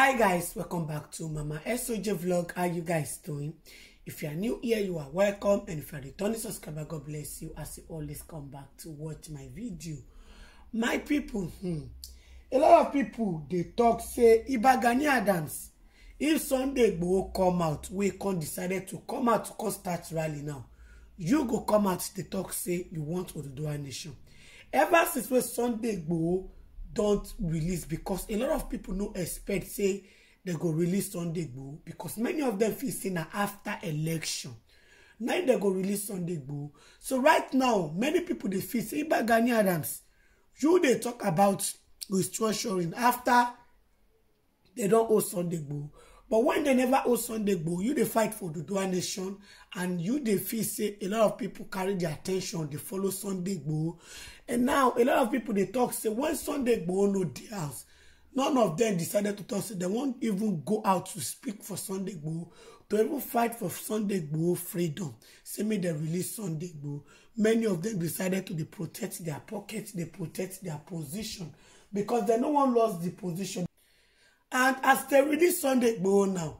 hi guys welcome back to mama soj vlog how you guys doing if you are new here you are welcome and if you are returning subscriber god bless you as you always come back to watch my video my people hmm, a lot of people they talk say Iba Gani Adams if Sunday Igboho come out we can decided to come out to come start rally now you go come out They talk say you want to do a nation ever since we Sunday Igboho don't release because a lot of people no expect say they go release sunday igboho because many of them feel say na after election now they go release sunday igboho so right now many people they feel say iba gani adams you they talk about restructuring after they don't hold sunday igboho but when they never hold sunday go you dey fight for the Dua nation and you dey feel say a lot of people carry their attention They follow sunday go and now a lot of people they talk say "When sunday go no dey house none of them decided to talk. say dem wan even go out to speak for sunday go to even fight for sunday go freedom say make dem release sunday go many of them decided to dey protect their pocket they protect their position because they no one lost the position And as they release Sunday Igboho now,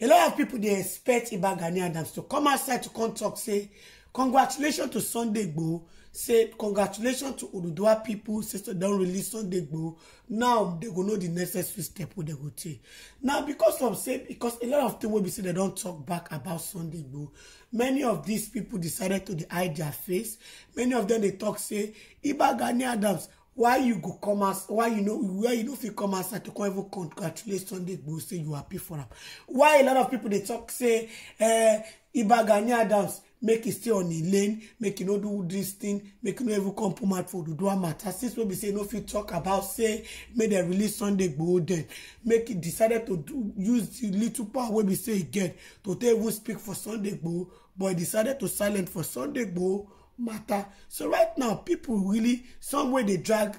a lot of people they expect Ibagani Adams to come outside to come talk, say, congratulations to Sunday Bo, say, congratulations to Oduduwa people, sister, don't release Sunday Bo. Now they will know the necessary step wey they go take. Now, because of say, because a lot of things will be said, they don't talk back about Sunday Bo. many of these people decided to hide their face. Many of them they talk, say, Ibagani Adams why you go come as why you know where you know if you come outside to come even congratulate sunday igboho say you happy for am why a lot of people they talk say uh, Iba Gani Adams make e stay on the lane make you know do this thing make you know even come for mouth for Oduduwa matter since wey be say no, if you talk about say make dem release Sunday Igboho den make e decided to do, use the little power wey be say again to tell even speak for Sunday Igboho but decided to silent for Sunday Igboho matter so right now people really some wey dey drag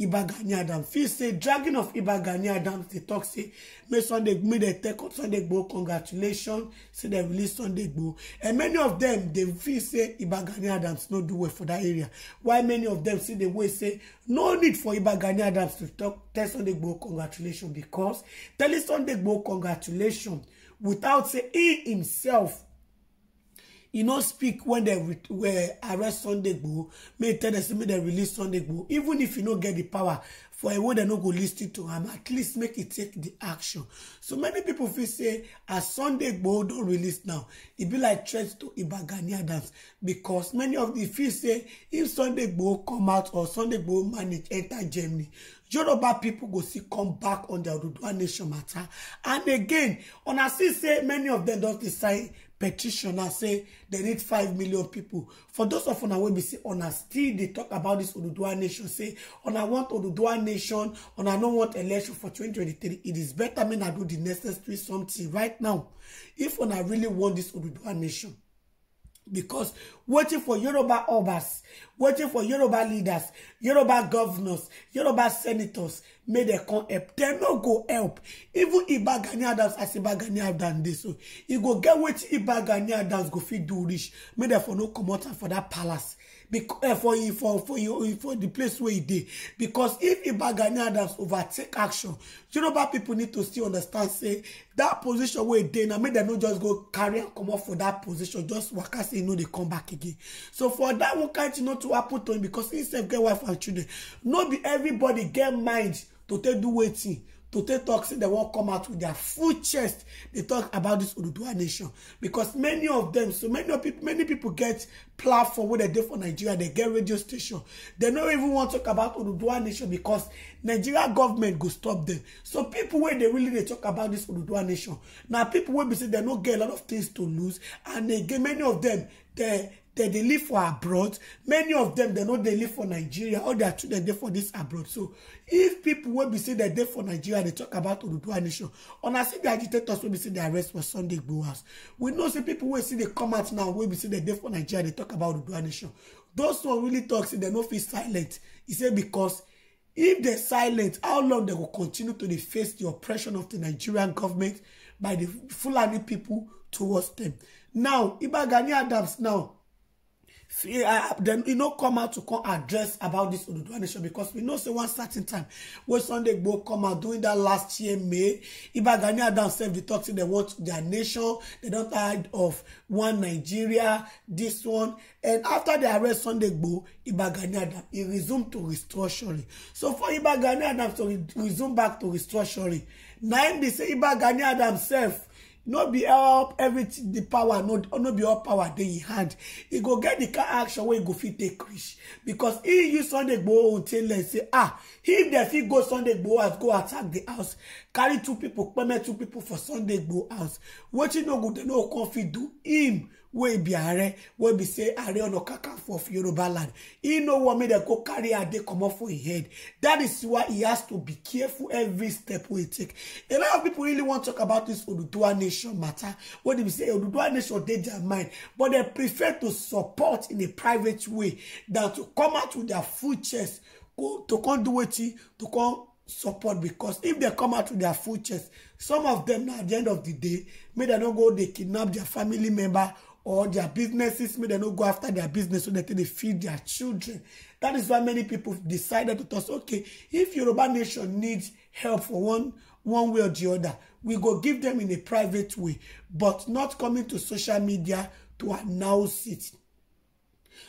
iba gani adam feel say dragging of iba gani adam dey tok say make sunday make they take on sunday gboo congratulations say they release sunday gboo and many of them, they feel say iba gani adams no do well for that area Why many of them still dey wait say no need for iba gani adams to talk tell sunday gboo congratulations because telling sunday gboo congratulations without say he himself e no speak wen dem arrest sunday gboo May tell them say make dem release sunday gboo even if you no get the power for a way dem no go list it to am at least make it e take the action so many people feel say as sunday gboo don release now e be like threat to ibagani dance because many of the feel say if sunday gboo come out or sunday gboo manage enta germany yoruba people go see come back on dia oduduwa nation matter. and again una see say many of them don decide petitioner say they need five million people. for those of una wey be say una still dey tok about this oduduwa nation say una want oduduwa nation nation and I don't want election for 2023, it is better me not do the necessary something right now. If when I really want this Oduduwa nation, because waiting for Yoruba obas, waiting for Yoruba leaders, Yoruba governors, Yoruba senators, may they come help. They no go help. Even Iba Gani Adams as Iba Gani Adams dey so. E go get wetin Iba Gani Adams go fit do reach. May they for no come out for that palace. Eh, for for for the place where e dey because if ibagani adams overtake action yoruba people need to still understand say that position wey e dey na make dem no just go carry am comot for that position just waka say e no dey come back again so for that one kind thing not to happen to him because he sef get wife and children no be everybody get mind to take do wetin to take talk say dem wan come out with their full chest dey talk about this Urudua nation because many of them, so many people many people get platform wey dem dey for nigeria dem get radio station dem no even wan talk about Urudua nation because nigeria government go stop them. so people wey dey really dey talk about this Urudua nation na people wey be say dem no get a lot of things to lose and again many of them they They dey live for abroad many of them they no they live for nigeria all their children dey for this abroad so if people will be say they dey for nigeria they talk about oduduwa nation I see the agitators will be say they arrest for sunday Brewers. we know see people will see they come out now Will be say they dey for nigeria they talk about oduduwa nation those one really tok say dem no fit silent He said because if dem silent how long they will continue to dey face di oppression of the nigerian government by the fulani people towards them. now ibagani adams now dem e no come out to come address about dis oduduwa nation because we know say one certain time wey sunday gboo come out during that last year may iba gani adam sef dey tok say dem want dia nation They don't tired of one nigeria this one and after they arrest sunday gboo iba gani adam e resume to restructuring so for iba gani adam to resume back to restructuring now im be say iba gani adam sef no be help everything the power no no be all power dey in hand e go get the kind action wey e go fit take reach because e use sunday igboho own tell say ah if dem fit go sunday igboho house go attack the house carry two people peme two people for sunday igboho house wetin no go dem no go come fit do him wey be ààrẹ wey be say ààrẹ ọ̀nà kakanfò of Yoruba land He no wan make dem go carry ade comot for im head that is why he has to be careful every step wey e take a lot of people really wan talk about this oduduwa nation matter wey dem be say oduduwa nation dey their mind but dem prefer to support in a private way than to come out with their full chest to come do wetin to come support because if dem come out with their full chest some of dem na at the end of the day make dem no go dey kidnap their family member or their businesses make dem no go after their business so that they feed their children that is why many people decided to us. okay if yoruba nation needs help for one one way or the other we go give them in a private way but not coming to social media to announce it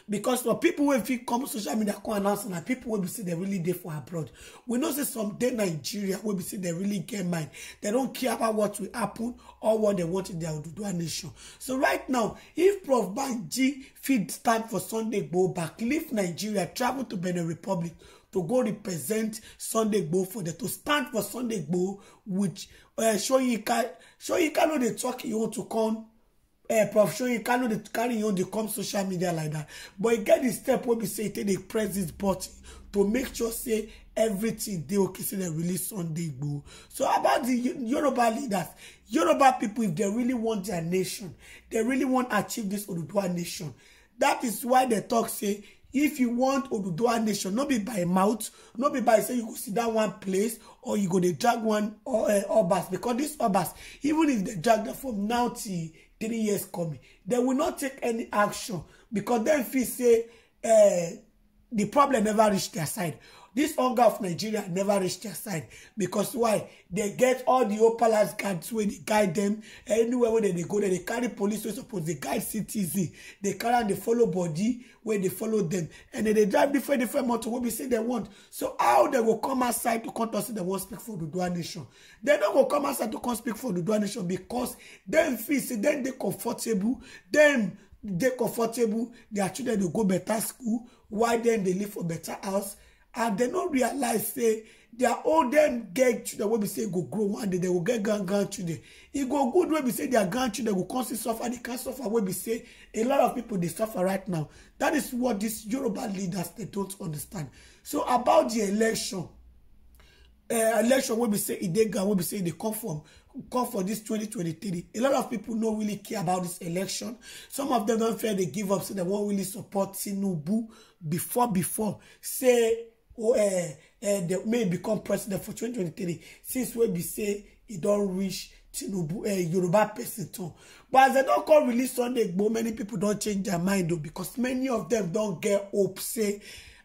because for people wey fit come social media come announce na people wey be say dem really dey for abroad we know say some dey nigeria wey be say dem really get mind dem don care about what will happen or what dem want in dia oduduwa nation so right now if prof banji fit stand for sunday go back leave nigeria travel to benin republic to go represent sunday go for them to stand for sunday go with uh, soyinka soyinka no dey tok e want to come uh, prof Soyinka no dey carry on own come social media like that. but e get the step wey be say e they press this button to make sure say everything they okay say they release sunday igboho so about the yoruba leaders yoruba people, if they really want their nation they really wan achieve this oduduwa nation That is why they talk say if you want oduduwa nation not be by mouth not be by say you go see that one place or you go dey drag one or eh, obas because this obas even if they drag them from now till three years coming they will not take any action because then feel say uh, eh, di problem never reach their side This hunger of Nigeria never reach their side because why? They get all the opalas guards when they guide them anywhere where they go they carry police wey suppose dey guide citizen they carry and they follow body where they follow them and then they drive different different motor wey we say they want so how they will come outside to come talk say dem wan speak for the Oduduwa nation They no go come outside to come speak for the Oduduwa nation because them feel say dem dey comfortable Them they comfortable their children dey go better school Why dem they live for better house and they no realize say their olden get children wey be say go grow one day they go get grand grandchildren e go good wey be say their grandchildren go come see suffer the kind suffer wey be say a lot of people dey suffer right now that is what these yoruba leaders dey don't understand so about the election uh, election wey be say e dey ground wey be say e dey come from come for this 2023 a lot of people no really care about this election some of them don fear dey give up say they wan really support tinubu before before say Or uh, uh, eh, eh, the, may become president for 2023 since wey be say he don't reach tinubu uh, yoruba person turn but as dem don't call release sunday but many people don't change their mind o because many of them don't get hope say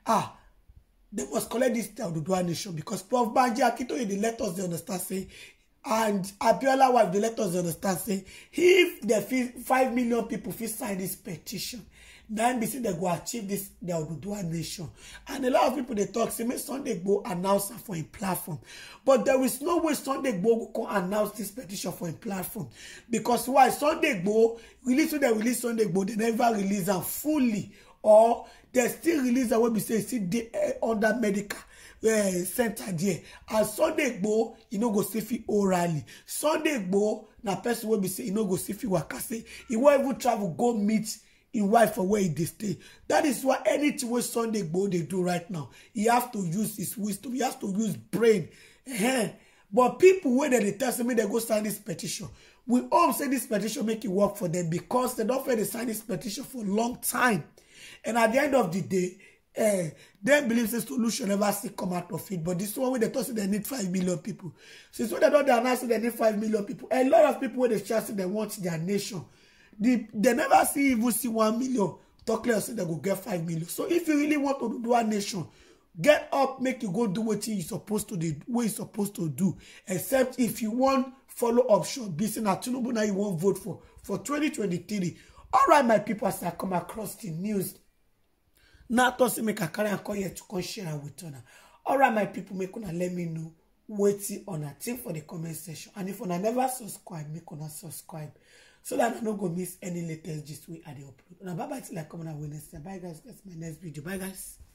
ah they must collect this. dis oduduwa nation because prof banji akintoye dey let us dey understand say and abiola wife the letters us understand say if the five million people fit sign this petition Then be say they go achieve this their Oduduwa nation. And a lot of people they talk say make Sunday go announce for a platform. But there is no way Sunday go can announce this petition for a platform. Because why Sunday go release when they release Sunday go, they never release them fully. Or they still release them when we say still they uh, eh, under medical. Uh, center there and Sunday go, you e no go see fit orally Sunday go na person wey be say you e no go see fit waka say e wan even travel go meet him wife for where e dey stay that is why anything wey sunday go dey do right now He have to use his wisdom He has to use brain ehn but people wey dem dey tell say make dem go sign this petition we hope say this petition make e work for them because they don fail dey sign this petition for long time and at the end of the day eh dem believe say solution never still come out of it but this one wey dem talk say dem need five million people. since wey dem don dey announce say dem need five million people. a lot of people wey dey share say dem want their nation The, they never see even see one million. Talk clear, say they go get five million. So if you really want to do one nation, get up, make you go do what you supposed to do, what you supposed to do. Except if you want follow option, be saying that Tinubu you won't vote for for 2023. All right, my people, as I come across the news. Now to see make a carry and call you to come share with honor. All right, my people, make una let me know Waiting on a think for the comment section. And if una never subscribe, make una subscribe so that I no go miss any latest gist wey I dey upload. Una bye bye till I come on Wednesday. Bye guys, that's my next video. Bye guys.